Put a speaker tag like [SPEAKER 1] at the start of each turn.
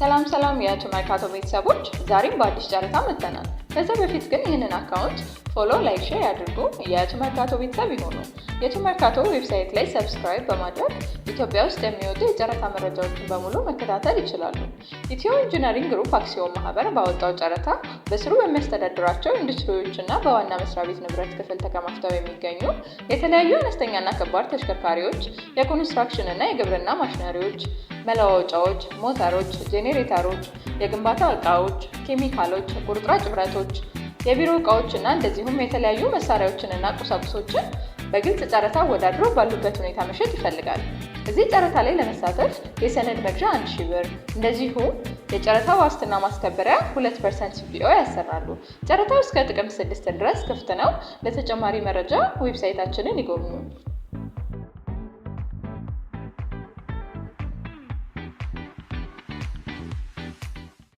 [SPEAKER 1] ሰላም ሰላም የቱ መርካቶ ቤተሰቦች ዛሬም በአዲስ ጨረታ መጥተናል። ከዛ በፊት ግን ይህንን አካውንት ፎሎ፣ ላይክ፣ ሼር ያድርጉ። የቱመርካቶ ቤተሰብ ይሆኑ። የቱመርካቶ ዌብሳይት ላይ ሰብስክራይብ በማድረግ ኢትዮጵያ ውስጥ የሚወጡ የጨረታ መረጃዎችን በሙሉ መከታተል ይችላሉ። ኢትዮ ኢንጂነሪንግ ግሩፕ አክሲዮን ማህበር ባወጣው ጨረታ በስሩ በሚያስተዳድራቸው ኢንዱስትሪዎች እና በዋና መስሪያ ቤት ንብረት ክፍል ተከማችተው የሚገኙ የተለያዩ አነስተኛና ከባድ ተሽከርካሪዎች፣ የኮንስትራክሽን እና የግብርና ማሽነሪዎች፣ መለዋወጫዎች፣ ሞተሮች፣ ጄኔሬተሮች፣ የግንባታ እቃዎች ኬሚካሎች፣ ቁርጥራጭ ብረቶች፣ የቢሮ እቃዎች እና እንደዚሁም የተለያዩ መሳሪያዎችንና ቁሳቁሶችን በግልጽ ጨረታ አወዳድሮ ባሉበት ሁኔታ መሸጥ ይፈልጋል። እዚህ ጨረታ ላይ ለመሳተፍ የሰነድ መግዣ አንድ ሺህ ብር እንደዚሁም የጨረታ ዋስትና ማስከበሪያ 2 ፐርሰንት ሲፒኦ ያሰራሉ። ጨረታው እስከ ጥቅምት ስድስት ድረስ ክፍት ነው። ለተጨማሪ መረጃ ዌብሳይታችንን ይጎብኙ።